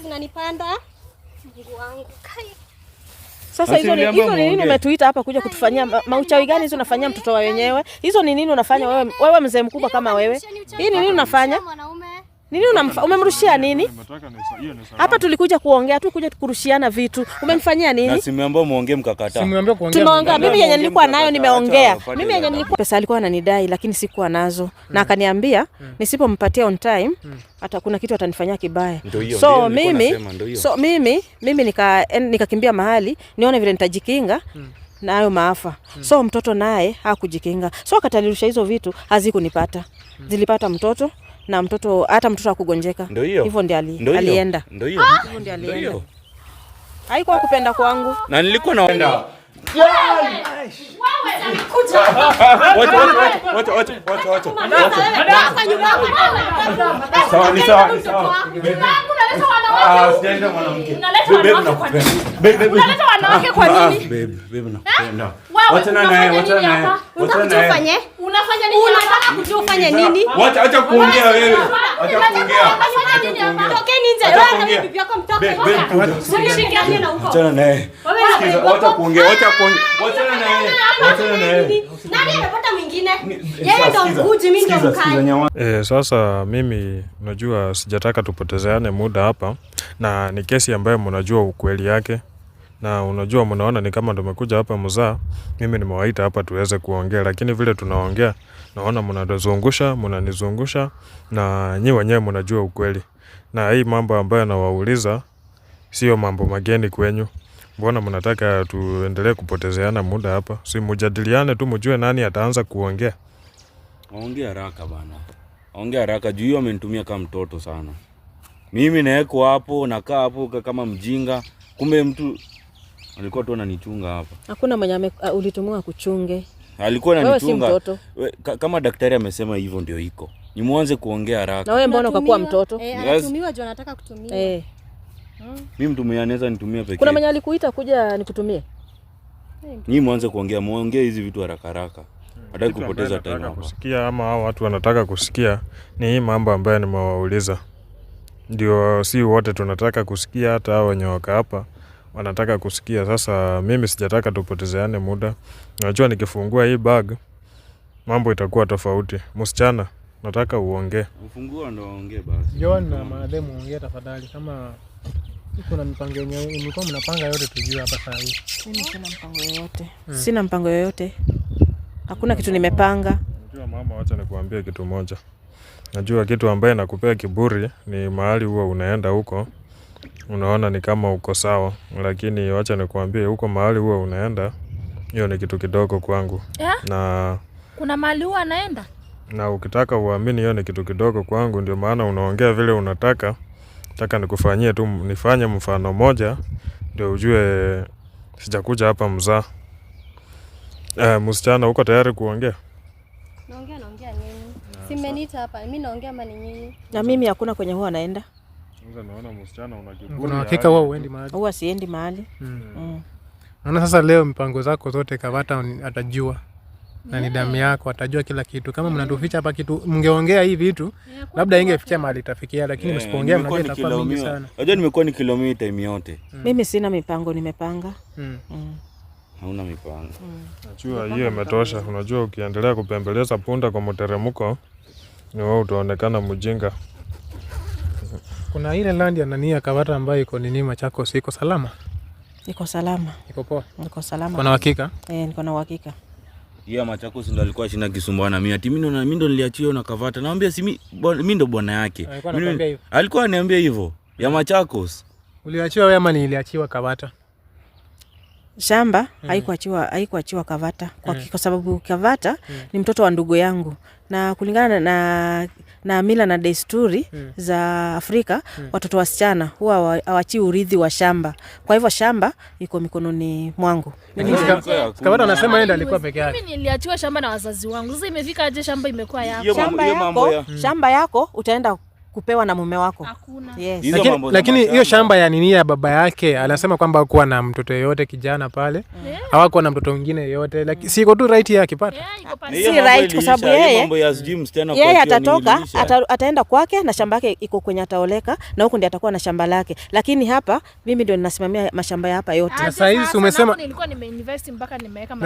zinanipanda mguu wangu kai. Sasa hizo ni hizo ni nini umetuita hapa kuja kutufanyia mauchawi gani hizo unafanyia mtoto wa wenyewe? Hizo ni nini unafanya wewe wewe mzee mkubwa kama wewe? Hii ni nini unafanya? Nini unamfa umemrushia nini? Hapa tulikuja kuongea tu kuja kurushiana vitu. Umemfanyia nini? Na simu ambayo muongee mkakataa. Simu ambayo kuongea. Tumeongea mimi yenye nilikuwa nayo nimeongea. Mimi yenye nilikuwa pesa alikuwa ananidai lakini sikuwa nazo hmm. Na akaniambia hmm. nisipompatia on time hmm. hata kuna kitu atanifanyia kibaya. So mimi so mimi mimi nika nikakimbia mahali nione vile nitajikinga hmm nayo maafa hmm. So mtoto naye hakujikinga, so akatanirusha hizo vitu hazikunipata hmm. Zilipata mtoto na mtoto hata mtoto akugonjeka. Ndio hiyo. Hivyo ndio alienda. Ndio hiyo. Haikuwa kupenda kwangu na nilikuwa naenda Unataka kujua ufanye nini? Acha kuongea wewe. Tokeni nje. Wewe na bibi yako mtoke. Wewe usishikane na huko. Achana naye. Sikiza, wacha kuongea, wacha kuongea. Wachana na yeye. Wachana na yeye. Nani amepata mwingine? Yeye ndo mkuji, mimi ndo mkani. Eh, sasa mimi najua sijataka tupotezeane muda hapa na ni kesi ambayo mnajua ukweli yake na unajua mnaona ni kama ndo mekuja hapa mzaa. Mimi nimewaita hapa tuweze kuongea, lakini vile tunaongea naona mnazungusha, mnanizungusha na nyi wenyewe mnajua ukweli, na hii mambo ambayo nawauliza sio mambo mageni kwenyu. Mbona mnataka tuendelee kupotezeana muda hapa? Si mujadiliane tu, mjue nani ataanza kuongea. Ongea haraka bana, ongea haraka juu hiyo amenitumia kama mtoto sana. Mimi naeko hapo nakaa hapo kama mjinga, kumbe mtu alikuwa tu ananichunga hapa. Hakuna mwenye uh, ulitumiwa kuchunge, alikuwa ananichunga si mtoto. kama daktari amesema hivyo ndio iko, ni kuongea haraka. Na wewe mbona ukakuwa mtoto? E, anatumiwa juu anataka kutumia. e. Eh. Mimi mtu mwenye anaweza nitumie pekee. Kuna mwenye alikuita kuja nikutumie? Ni mwanze kuongea muongee hizi vitu haraka haraka. Hataki kupoteza time hapa. Kusikia ama hao watu wanataka kusikia ni hii mambo ambayo nimewauliza. Ndio si wote tunataka kusikia, hata hao wenye waka hapa wanataka kusikia. Sasa mimi sijataka tupotezeane muda. Najua nikifungua hii bag mambo itakuwa tofauti. Msichana, nataka uongee. Ufungua ndio uongee basi. Njoo na madem, ongea tafadhali kama kuna mpango yenye mlikuwa mnapanga yote tujue hapa saa hii. Mimi sina mpango yoyote. Hmm. Sina mpango yoyote. Hakuna kitu nimepanga. Unajua mama, wacha nikuambie kitu moja. Najua kitu ambaye nakupea kiburi ni mahali huwa unaenda huko. Unaona ni kama uko sawa, lakini wacha nikuambie huko mahali huwa unaenda hiyo ni kitu kidogo kwangu. Yeah? Na kuna mahali huwa anaenda? Na ukitaka uamini hiyo ni kitu kidogo kwangu, ndio maana unaongea vile unataka. Nataka nikufanyie tu, nifanye mfano moja ndio ujue sijakuja hapa mzaa. Eh, msichana, uko tayari kuongea? Naongea, naongea nini? hapa, mimi naongea Na mimi hakuna kwenye huwa naenda. Sasa naona msichana una kiburi. Una hakika uendi mahali? Huwa siendi mahali. Hmm. Hmm. Naona sasa leo mpango zako zote Kavata atajua na ni damu yako, atajua kila kitu. Kama mnatuficha hapa kitu, mngeongea hii vitu labda ingefikia mahali tafikia, lakini msipoongea mnakuwa itakuwa mingi sana. Unajua nimekuwa ni kilomita time yote. Mm. Mimi sina mipango, nimepanga. Mm. Mm. Hauna mipango. Najua hiyo imetosha. Unajua ukiendelea kupembeleza punda kwa mteremko ni wewe utaonekana mjinga. Kuna ile landi anania Kavata ambayo iko nini Machakos, iko salama? Iko salama. Iko poa. Iko salama. Kuna uhakika? Eh, niko na uhakika. Yeah, Machakos ndo alikuwa shina kisumbana mimi. Ati mimi ndo niliachia na Kavata. Naambia si mimi ndo bwana yake. Alikuwa ananiambia hivyo. Ya Machakos. Uliachiwa wewe ama niliachiwa Kavata? shamba mm. haikuachiwa haikuachiwa Kavata kwa, mm. kwa sababu Kavata mm. ni mtoto wa ndugu yangu na kulingana na, na mila na desturi mm. za Afrika mm. watoto wasichana huwa hawachii urithi wa shamba. Kwa hivyo shamba iko mikononi mwangu. Kavata anasema yeye ndiye alikuwa peke yake. Mimi niliachiwa shamba na wazazi wangu, sasa imefika aje shamba imekuwa yako? Shamba yako, mm. shamba yako utaenda kupewa na mume wako yes. Lakin, lakini hiyo shamba ya nini ya baba yake anasema kwamba hakuwa na mtoto yeyote kijana pale, hawakuwa na mtoto mwingine yeyote, lakini siko tu right yake akipata si right, kwa sababu yeye atatoka ataenda kwake na shamba yake iko kwenye ataoleka, na huko ndio atakuwa na shamba lake, lakini hapa mimi ndio ninasimamia mashamba ya hapa yote. Sasa hizi umesema,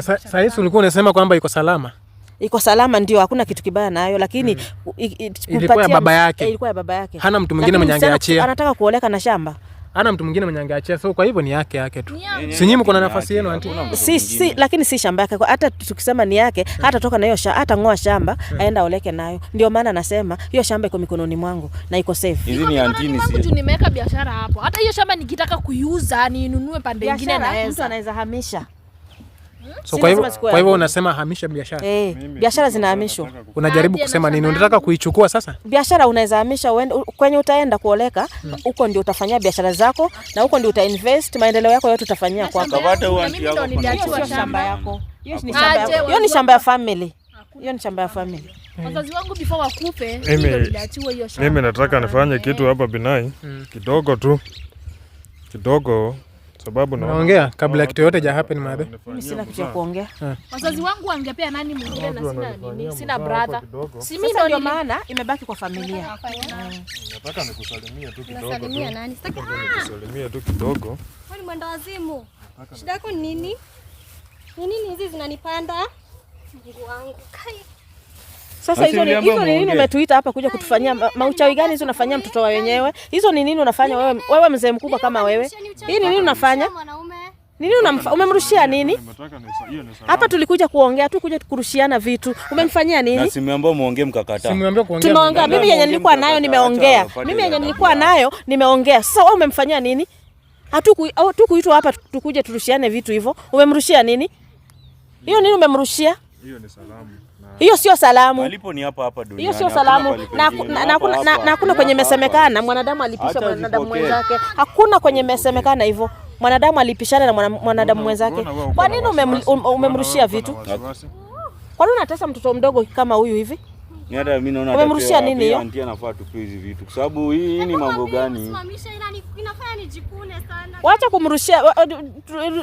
sasa hizi ulikuwa unasema kwamba iko salama iko salama, ndio, hakuna kitu kibaya nayo, lakini mm. ilikuwa ya baba yake, eh, ilikuwa ya baba yake. Hana mtu mwingine mwenye angeachia, anataka kuoleka na shamba ana mtu mwingine mwenye angeachia, so kwa hivyo ni yake yake tu, si nyinyi mko na nafasi yenu anti, si si, lakini si shamba yake. Hata tukisema ni yake, mm. hata toka na hiyo shamba, hata ngoa shamba mm. aenda oleke nayo. Ndio maana nasema hiyo shamba iko mikononi mwangu na iko safe. Hizi ni antini, si nimeweka biashara hapo. Hata hiyo shamba nikitaka kuiuza, ninunue pande nyingine, na mtu anaweza hamisha Hmm? So kwa hivyo kwa hivyo unasema hamisha biashara. Eh, biashara zinahamishwa. Unajaribu kusema nini? Unataka kuichukua sasa? Biashara unaweza hamisha kwenye utaenda kuoleka, hmm. huko hmm, ndio utafanyia biashara zako na huko ndio utainvest maendeleo yako yote utafanyia kwako. Utapata huo anti yako. Hiyo shamba yako. Hiyo ni shamba ya family. Hiyo ni shamba ya family. Wazazi wangu wakupe, ndio hiyo shamba. Mimi nataka nifanye kitu hapa Binai, hmm. kidogo tu. Kidogo sababu naongea kabla ya kitu yote ja happen madhe, mimi sina kitu ya kuongea. Ah. Wazazi wangu wangepea nani mwingine, na sina nini, sina brother, si mimi ndio maana imebaki kwa familia. Mm. Nataka nikusalimie tu kidogo, nasalimia nani? Sitaki nikusalimie tu kidogo. Wewe ni mwenda wazimu, shida yako ni nini? Ni nini hizi zinanipanda? Mungu wangu kai sasa hizo ni hizo ni nini umetuita hapa kuja kutufanyia mauchawi gani hizo unafanyia mtoto wa wenyewe? Hizo ni nini unafanya wewe wewe mzee mkubwa kama wewe? Hii ni nini unafanya? Nini unamfa, umemrushia nini? Hapa tulikuja kuongea tu kuja kurushiana vitu. Umemfanyia nini? Na simeambia muongee mkakata. Simeambia kuongea. Tumeongea. Mimi yenye nilikuwa nayo nimeongea. Mimi yenye nilikuwa nayo nimeongea. Sasa wewe umemfanyia nini? Hatu kuitwa hapa tukuje turushiane vitu hivyo. Umemrushia nini? Hiyo nini umemrushia? Hiyo ni salamu. Hiyo sio salamu, hiyo sio salamu na hakuna kwenye mesemekana mwanadamu alipisha mwanadamu mwenzake. Hakuna kwenye mesemekana hivyo mwanadamu alipishana na mwanadamu mwenzake. Kwa nini um- umemrushia vitu? Kwa nini unatesa mtoto mdogo kama huyu hivi? Umemrushia nini hiyo? Kwa sababu hii ni mambo gani? Wacha kumrushia,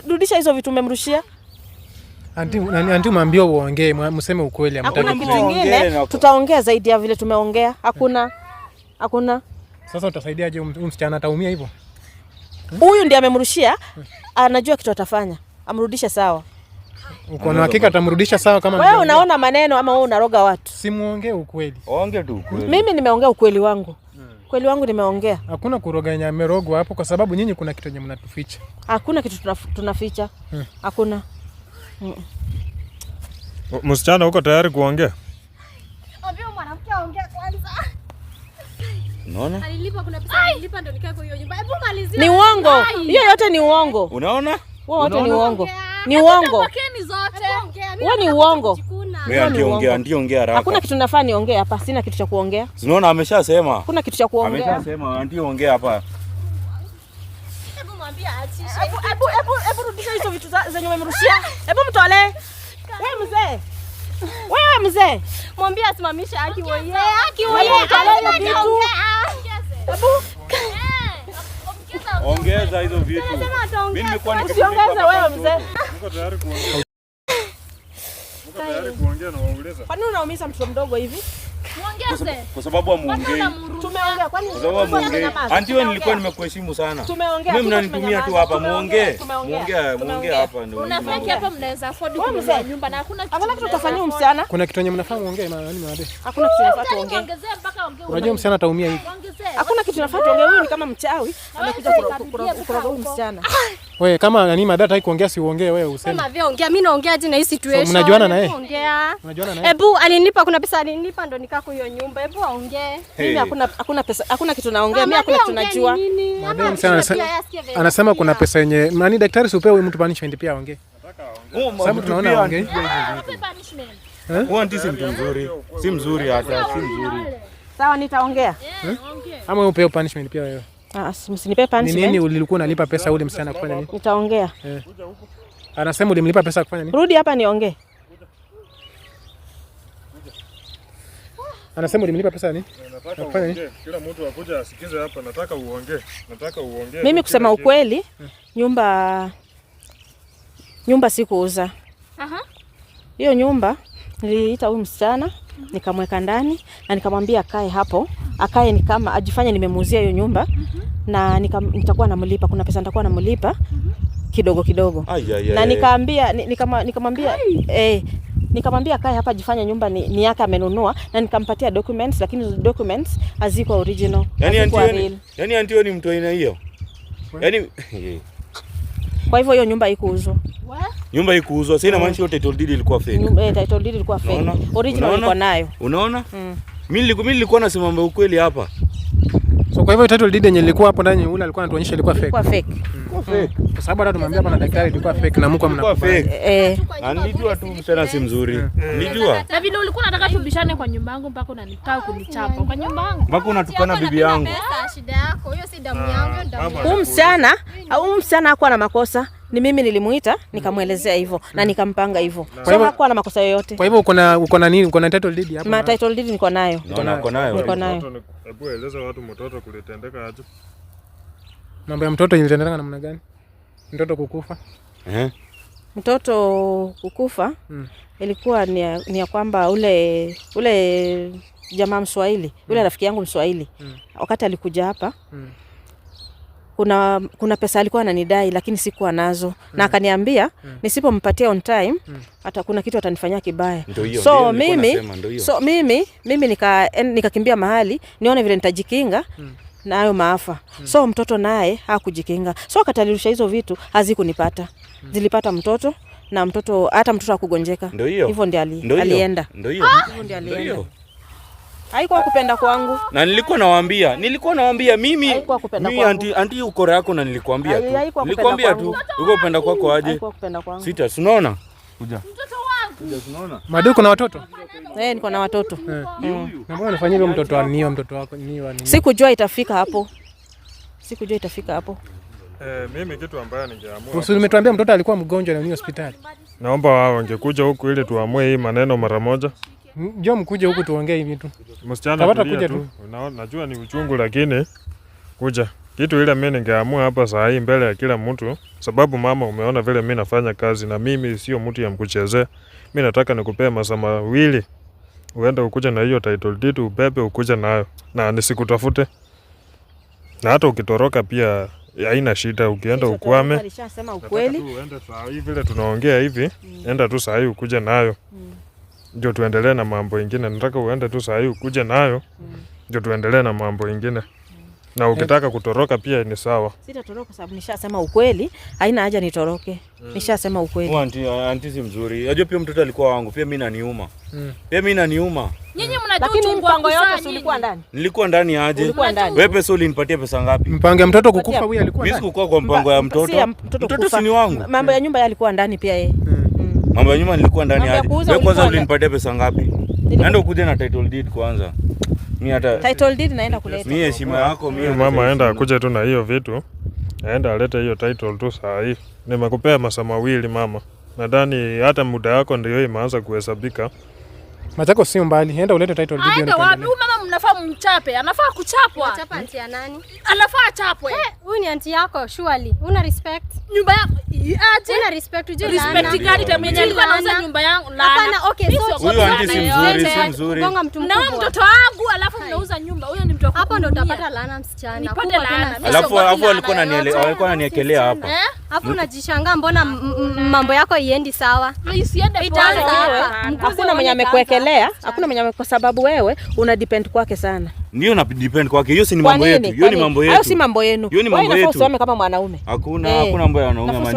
rudisha hizo vitu umemrushia. Anti, anti mwambie uongee, mseme ukweli. Hakuna kitu kingine tutaongea zaidi ya vile tumeongea. Hakuna, hakuna. Sasa utasaidiaje um, msichana? Ataumia hivyo. Huyu ndiye amemrushia, anajua kitu atafanya, amrudishe sawa. ukona hakika atamrudisha sawa? Kama wewe unaona maneno ama wewe unaroga watu, simuongee ukweli. Ongea tu ukweli. Mimi nimeongea ukweli wangu kweli wangu nimeongea. Hakuna kuroga yenye amerogwa hapo, kwa sababu nyinyi kuna kitu yenye mnatuficha. Hakuna kitu tunaficha, hmm. hakuna. Msichana, uko tayari kuongea? Unaona? Ni uongo. Hiyo yote ni uongo. Unaona? Wao wote ni uongo. Ni uongo. Wao ni uongo. Hakuna kitu nafaa niongee hapa, sina kitu cha kuongea. Unaona ameshasema. Hakuna kitu cha kuongea. Ameshasema, ndio ongea hapa. Hebu mwambie aache. Hebu hebu Hakikisha hizo vitu zenye umemrushia. Hebu mtolee. Wewe mzee. Wewe mzee. Mwambie asimamishe haki wewe. Yeye haki wewe mtolee vitu. Hebu ongeza hizo vitu. Mimi nimekuwa nikiongeza wewe mzee. Niko tayari kuongea. Niko tayari kuongea na wauliza. Kwani unaumiza mtoto mdogo hivi? kwa sababu amuongei. Anti, wewe nilikuwa nimekuheshimu sana. Mimi mnanitumia tu hapa, muongee hapa. Kuna kitu yenye mnafaa muongee. Unajua msichana ataumia hivi. Hakuna kitu nafaa tuongee, huyu ni kama mchawi amekuja kuroga msichana. Wewe kama nani madata hai kuongea si uongee wewe useme. Kama vile ongea mimi naongea tena hii situation. Mnajuana na yeye? Ongea. Mnajuana naye? Ebu alinipa kuna pesa alinipa ndo nikaa kwa hiyo nyumba. Ebu aongee. Hey. Mimi hakuna hakuna pesa, hakuna kitu naongea. Ah, mimi hakuna kitu najua. sana Anasema kuna pesa yenye nani daktari si upewe mtu punishment pia aongee. Nataka aongee. Sasa tunaona aongee. Huo ndio si mtu mzuri. Si mzuri hata, si mzuri. Sawa nitaongea. Ama upewe punishment pia wewe. Ah, msinipe nini ulikuwa unalipa pesa ule msichana kufanya nini? Nitaongea. Eh. Anasema ulimlipa pesa kufanya nini? Rudi hapa niongee. Anasema ulimlipa pesa nini? Eh, kila mtu akuja asikize hapa, nataka uongee. Nataka uongee. Mimi kusema ukweli, hmm. nyumba nyumba sikuuza. Aha. Hiyo nyumba niliita huyu msichana nikamweka ndani na nikamwambia akae hapo, akae ni kama ajifanye nimemuuzia hiyo nyumba na nitakuwa namlipa, kuna pesa nitakuwa namlipa kidogo kidogo ay, ay, na nikaambia nikamwambia eh, nikamwambia kae hapa ajifanye nyumba ni, ni yake amenunua, na nikampatia documents, lakini documents hazikuwa original. Yani antioni, yani ni mtu aina hiyo yani. Kwa hivyo hiyo nyumba ikuuzwa nyumba ikuuzwa. sina mm. maana hiyo title deed ilikuwa fake. Nyumba eh, title deed ilikuwa fake. Unaona? Original ilikuwa nayo. Unaona? Mimi mm. nilikuwa mimi nilikuwa nasema mambo ukweli hapa. So kwa hivyo title deed yenye ilikuwa hapo ndani yule alikuwa anatuonyesha ilikuwa fake. Ilikuwa fake. Mm. Ilikuwa fake. Kwa sababu hata tumemwambia na daktari ilikuwa fake na mko mnakuwa fake. Eh. eh. Nilijua tu msana si mzuri. Eh. Nilijua. Na vile ulikuwa unataka tubishane kwa nyumba yangu mpaka unanikaa kunichapa kwa nyumba yangu. Mpaka unatukana bibi yangu. Shida yako. Hiyo si damu ah, yangu, damu. Huyu msana, huyu msana hakuwa na makosa ni mimi nilimuita mm. nikamwelezea hivyo mm. na nikampanga hivyo, so hakuwa na makosa yoyote. Kwa hivyo uko na uko na nini? Uko na title deed hapo? Ma title deed niko nayo, niko nayo, niko nayo. Hebu eleza watu mtoto kulitendeka aje, mambo ya mtoto ilitendeka namna gani? Mtoto kukufa eh, mtoto kukufa hmm. Ilikuwa ni ya kwamba ule ule jamaa Mswahili ule hmm. rafiki yangu Mswahili hmm. wakati alikuja hapa hmm kuna, kuna pesa alikuwa ananidai lakini sikuwa nazo mm. na akaniambia mm. nisipompatia on time mm. hata kuna kitu atanifanyia kibaya. So mimi, so mimi mimi nikakimbia nika mahali nione vile nitajikinga mm na hayo maafa hmm. So mtoto naye hakujikinga, so akatalirusha hizo vitu hazikunipata hmm. Zilipata mtoto na mtoto, hata mtoto hakugonjeka. Hivyo ndio alienda, ah! hivyo ndio alienda. Haikuwa kupenda kwangu. Na nilikuwa nawaambia, nilikuwa nawaambia mimi mimi anti anti ukora yako na nilikwambia tu. Nilikwambia tu, uko kupenda kwako aje? Sita, unaona? Kuja. Madu, kuna watoto? Eh, niko na watoto. Eh. Mm. Na mbona unafanya hivyo mtoto wa niwa mtoto wako niwa ni? Sikujua itafika hapo. Sikujua itafika hapo. Eh, mimi kitu ambayo ningeamua. Kusudi umetuambia mtoto alikuwa mgonjwa na ni hospitali. Naomba wao ungekuja huku ili tuamue hii maneno mara moja. Njoo mkuje huku tuongee hivi tu. Msichana kuja tu. Unaona, najua ni uchungu lakini kuja. Kitu ile mimi ningeamua hapa saa hii mbele ya kila mtu, sababu mama, umeona vile mimi nafanya kazi na mimi sio mtu ya mkuchezea. Mimi nataka nikupee masaa mawili uende ukuja na hiyo title deed ubebe ukuja nayo na nisikutafute. Na hata ukitoroka pia haina shida, ukienda ukwame. Nataka tu uende saa hii vile tunaongea hivi, mm. enda tu saa hii ukuje nayo. Mm ndio tuendelee na mambo ingine. Nataka uende tu saa hii ukuje nayo ndio mm. tuendelee na mambo ingine na ukitaka kutoroka pia ni sawa. Sitatoroka sababu nishasema ukweli, haina haja nitoroke. Mm. Nishasema ukweli. Anti, anti si mzuri. Unajua pia mtoto alikuwa wangu, pia mimi naniuma. Mm. Pia mimi naniuma. Nyinyi mnajua tu mpango yote ulikuwa ndani. Nilikuwa ndani aje? Wewe pesa ulinipatia pesa ngapi? Mpango ya mtoto kukufa, huyu alikuwa ndani. Mimi sikukua kwa mpango ya mtoto. Mtoto si ni wangu. Mambo ya nyumba yalikuwa ndani pia yeye. Mm. Mambo ya nyuma nilikuwa ndani hadi. Wewe kwanza ulinipatia pesa ngapi? Naenda ukuje na title deed kwanza. Mimi hata title deed naenda kuleta. Mimi heshima yako mimi. Mama aenda akuje tu na hiyo vitu. Aenda alete hiyo title tu saa hii. Nimekupea masaa mawili mama. Nadhani hata muda wako ndio imeanza kuhesabika. Machako sio mbali, enda ulete title deed. Aende wapi? Huyu mama mnafaa mchape, anafaa kuchapwa. Anachapa anti ya nani? Anafaa achapwe. Eh, huyu ni anti yako surely. Una respect? Nyumba yako aje? Una respect uje laana. Respect gani tamenye alikuwa anauza nyumba yangu laana. Hapana, okay, so huyu anti si mzuri, si mzuri. Bonga mtu mkubwa. Na mtoto wangu alafu mnauza nyumba. Huyo ni mtu wako. Hapo ndo utapata laana msichana. Nipate laana. Alafu alafu alikuwa ananielewa, alikuwa ananiekelea hapa. Eh? Alafu unajishangaa mbona mambo yako iendi sawa? Isiende poa. Hakuna mwenye amekuwekea kuendelea, hakuna mwenye, kwa sababu wewe una depend kwake sana. Ndio na depend kwake. Hiyo si ni mambo yetu. Hiyo ni mambo yetu. Hayo si mambo yenu. Hiyo ni mambo yetu. Wewe kama mwanaume. Hakuna, eh. hakuna mambo ya wanaume. Kama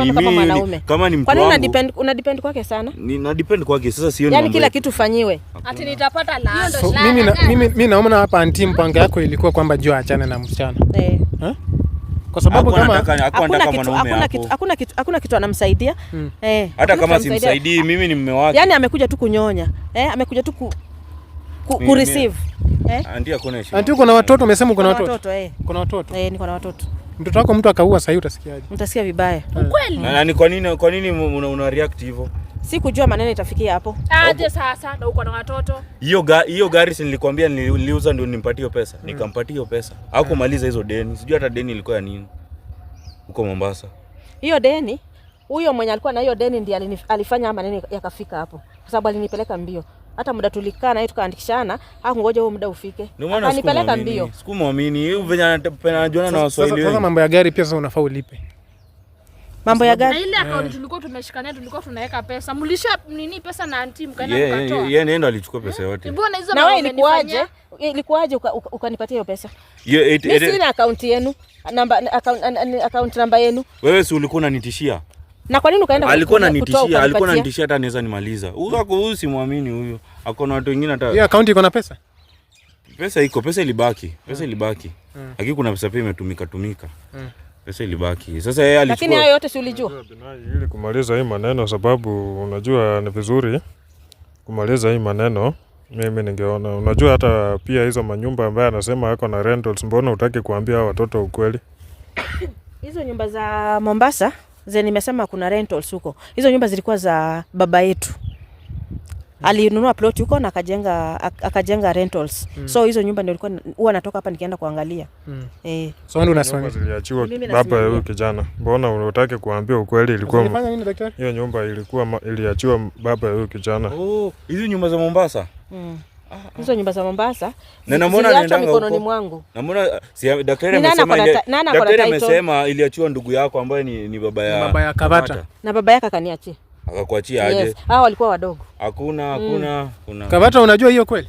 ni mtu wangu. Kwa nini una depend, una depend kwake sana? Ni na depend kwake. Sasa sio ni yaani mambo. Yaani kila kitu fanyiwe. Ati nitapata laana. Mimi mimi naona hapa anti, mpango yako ilikuwa kwamba jua achane na msichana. Eh kwa sababu kama hakuna kitu hakuna kitu anamsaidia hmm. Eh, hata kama simsaidii ah. mimi ni mume wake, yani amekuja tu kunyonya eh, amekuja tu ku, ku, ku receive eh. Ah, watoto umesema uko watoto eh, kuna watoto eh, watoto mtoto wako mtu akaua, sahii, utasikiaji utasikiaje? Mtasikia vibaya ukweli. Hmm. Na ni kwa nini kwa nini una react hivyo? Sikujua maneno itafikia hapo. Aje sasa na uko na watoto. Hiyo gari hiyo gari si nilikwambia niliuza ndio nimpatie pesa. Hmm. Nikampatia hiyo pesa. Hakumaliza hizo deni. Sijui hata deni ilikuwa ya nini. Huko Mombasa. Hiyo deni huyo mwenye alikuwa na hiyo deni ndiye alifanya maneno yakafika hapo. Kwa sababu alinipeleka mbio. Hata muda tulikaa naye tukaandikishana, hakungoja huo muda ufike. Akanipeleka mbio. Sikumwamini. Yeye venye anajiona na Waswahili. Sasa mambo ya gari pia sasa unafaa ulipe mambo ya gari. Na Ile akaunti tulikuwa tumeshikania, tulikuwa tunaweka pesa. Mlisha nini pesa na anti mkaenda mkatoa. Yeye nenda alichukua pesa hmm? yote. Mbona hizo na wewe ilikuaje? Ilikuaje ukanipatia hiyo pesa? Mimi sina account yenu. Namba account namba yenu. Wewe si ulikuwa unanitishia? Na kwa nini ukaenda? Alikuwa ananitishia, alikuwa ananitishia hata naweza nimaliza. Huyo huyu simwamini huyo. Akona watu wengine hata. Hiyo account iko na pesa? Pesa iko, pesa ilibaki. Pesa hmm. ilibaki. Hmm. Lakini kuna pesa pia imetumika tumika. Pesa ilibaki. Sasa yeye alichukua. Lakini hayo yote si ulijua? Ili kumaliza hii maneno sababu unajua ni vizuri kumaliza hii maneno. Mimi ningeona unajua, hata pia hizo manyumba ambaye anasema yako na rentals, mbona utaki kuambia watoto ukweli? hizo nyumba za Mombasa zenye nimesema kuna rentals huko, hizo nyumba zilikuwa za baba yetu alinunua plot huko na akajenga akajenga rentals mm. so hizo nyumba ndio ilikuwa huwa natoka hapa nikienda kuangalia mm. eh. so ndio unasema ziliachiwa baba ya huyo kijana, mbona unataka kuambia ukweli? Ilikuwa ilifanya nini daktari? Hiyo nyumba ilikuwa iliachiwa baba ya huyo kijana. Oh, hmm. hizo nyumba za Mombasa mm hizo ah, nyumba za Mombasa ziliachwa mikononi mwangu. si Daktari amesema ile daktari amesema iliachiwa ndugu yako ambaye ni, ni baba ya Kavata na baba yake akaniachia akakuachia aje? Yes. Hao walikuwa wadogo. Hakuna, mm. hakuna, kuna. Kavata, unajua hiyo kweli?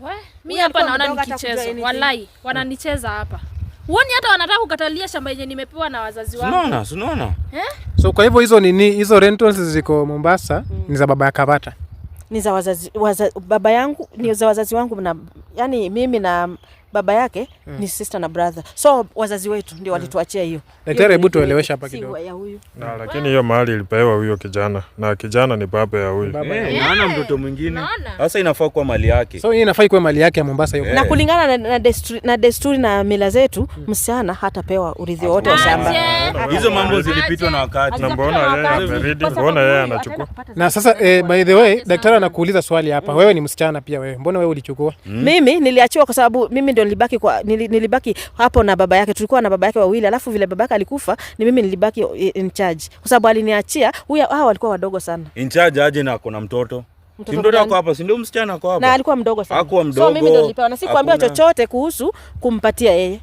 We, mimi hapa naona nikichezwa. Walai, wananicheza hapa. Uoni hata wanataka kukatalia shamba yenye nimepewa na wazazi wangu. Unaona, unaona? Eh? So kwa hivyo hizo nini, hizo rentals ziko Mombasa mm, ni za baba ya Kavata. Ni za wazazi, waza, baba yangu, ni za wazazi wangu na yani mimi na baba yake mm. ni sister na brother, so wazazi wetu ndio mm. walituachia hiyo. Daktari, hebu tueleweshe hapa kidogo ya huyu na, lakini hiyo mahali ilipewa huyo kijana na kijana ni baba ya huyo baba eh, huyu, naona mtoto mwingine sasa, inafaa kuwa mali yake, so hii inafaa kuwa mali yake ya Mombasa hiyo, na kulingana na, na, desturi, na desturi na mila zetu mm. msichana hatapewa urithi wote wa shamba. Hizo mambo zilipitwa na wakati, na mbona yeye ameridi, mbona yeye anachukua. Na sasa eh, by the way, daktari anakuuliza swali hapa, hmm. wewe ni msichana pia, wewe mbona wewe ulichukua? Mimi niliachiwa kwa sababu mimi ndio nilibaki kwa, nilibaki hapo na baba yake, tulikuwa na baba yake wawili, alafu vile baba yake alikufa ni mimi nilibaki in charge, kwa sababu aliniachia huyo. Hao walikuwa wadogo sana. In charge aje na kuna mtoto mtoto ako hapa, si ndio? Msichana ako hapa na alikuwa mdogo sana, hakuwa mdogo. So mimi ndio nilipewa na sikuambiwa chochote kuhusu kumpatia yeye.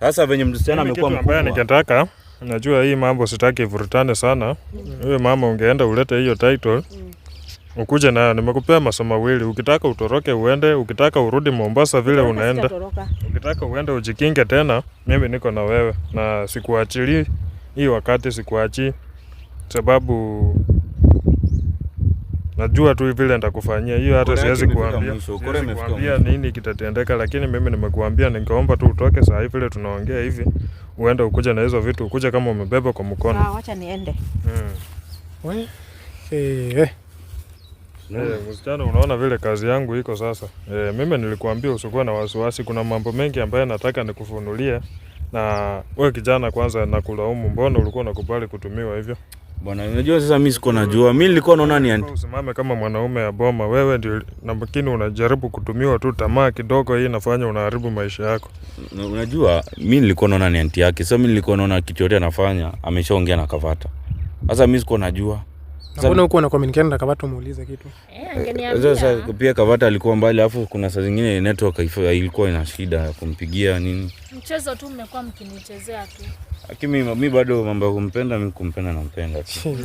Sasa venye msichana amekuwa mkubwa, nikataka najua hii mambo, sitaki vurutane sana. Wewe mm. mama, ungeenda ulete hiyo title mm ukuje nayo. Nimekupea masomo mawili, ukitaka utoroke uende, ukitaka urudi Mombasa vile unaenda, ukitaka uende ujikinge tena. Mimi niko na wewe na sikuachili hii wakati, sikuachi sababu najua tu vile nitakufanyia hiyo, hata siwezi kuambia kuambia nini kitatendeka, lakini mimi nimekuambia, ningeomba tu utoke saa hii vile tunaongea hivi, uende ukuje na hizo vitu, ukuje kama umebeba kwa mkono. Acha niende. Hmm. Hey, eh, eh. hey. Yeah, eh, msichana, unaona vile kazi yangu iko sasa. Yeah, mimi nilikuambia usikuwe na wasiwasi, kuna mambo mengi ambayo nataka nikufunulie, na we kijana, kwanza nakulaumu, mbona ulikuwa unakubali kutumiwa hivyo? Bwana, unajua sasa mimi siko najua. Mimi nilikuwa naona ni anti. Usimame kama mwanaume ya boma. Wewe ndio nambakini unajaribu kutumiwa tu, tamaa kidogo hii inafanya unaharibu maisha yako. Unajua mimi nilikuwa naona ni anti yake. Sasa mimi nilikuwa naona kichoria anafanya, ameshaongea na kavata. Sasa mimi siko najua. Eh, pia Kavata alikuwa mbali alafu kuna saa zingine network ilikuwa ina shida ya kumpigia nini. Mchezo tu mmekuwa mkinichezea tu. Lakini mi bado mambo ya kumpenda mi kumpenda nampenda tu.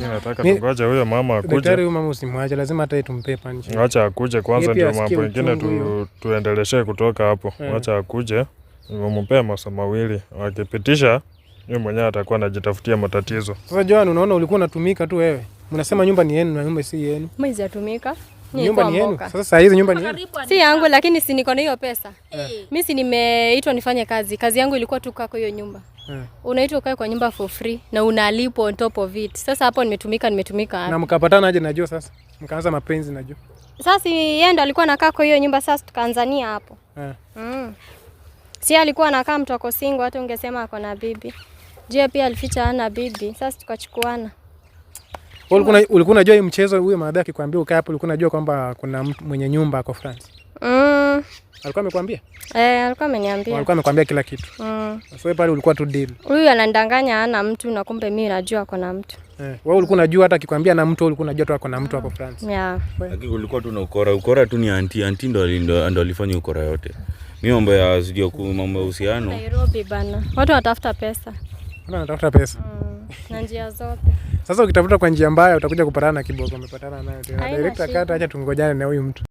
huyo mama akuje. Daktari huyo mama usimwache, lazima hata tumpe punch. Acha akuje kwanza ndio mambo mengine tu tuendeleshe kutoka hapo. Wacha eh. akuje. Nimempea masaa mawili. wakipitisha yeye mwenyewe atakuwa anajitafutia matatizo. Sasa Joan, unaona ulikuwa unatumika tu wewe. Mnasema nyumba ni yenu na nyumba si yenu. Mimi zatumika. Nyumba ni yenu. Sasa saa hizi nyumba ni yenu. Si yangu lakini si niko na hiyo pesa. Yeah. Eh. Eh. Mimi si nimeitwa nifanye kazi. Kazi yangu ilikuwa tu kwa hiyo nyumba. Yeah. Unaitwa ukae kwa nyumba for free na unalipwa on top of it. Sasa hapo nimetumika nimetumika hapo. Na mkapatana aje najua sasa? Mkaanza mapenzi najua. Sasa yeye ndo alikuwa anakaa kwa hiyo nyumba sasa tukaanzania hapo. Yeah. Mm. Si alikuwa anakaa mtu ako single hata ungesema ako na bibi. Je, pia alificha ana bibi. Sasa tukachukuana. Ulikuwa ulikuwa unajua hii mchezo, huyo madha akikwambia ukae hapo, ulikuwa unajua kwamba kuna mwenye nyumba kwa France? Mm. Alikuwa amekwambia? Eh, alikuwa ameniambia. Alikuwa amekwambia kila kitu. Mm. Sasa pale ulikuwa tu deal. Huyu anandanganya hana mtu na kumbe mimi najua ako na mtu. Eh, wewe ulikuwa unajua hata akikwambia na mtu, ulikuwa unajua tu ako na mtu hapo mm. France. Yeah. Lakini ulikuwa tu na ukora, ukora tu ni anti, anti ndo ndo ndo alifanya ukora yote. Mimi mambo ya studio, mambo ya uhusiano. Nairobi bana. Watu watafuta pesa. Anatafuta pesa mm, na njia zote. Sasa ukitafuta kwa njia mbaya utakuja kupatana na kiboko, umepatana nayo tena. Director, kata, acha tungojane na huyu mtu.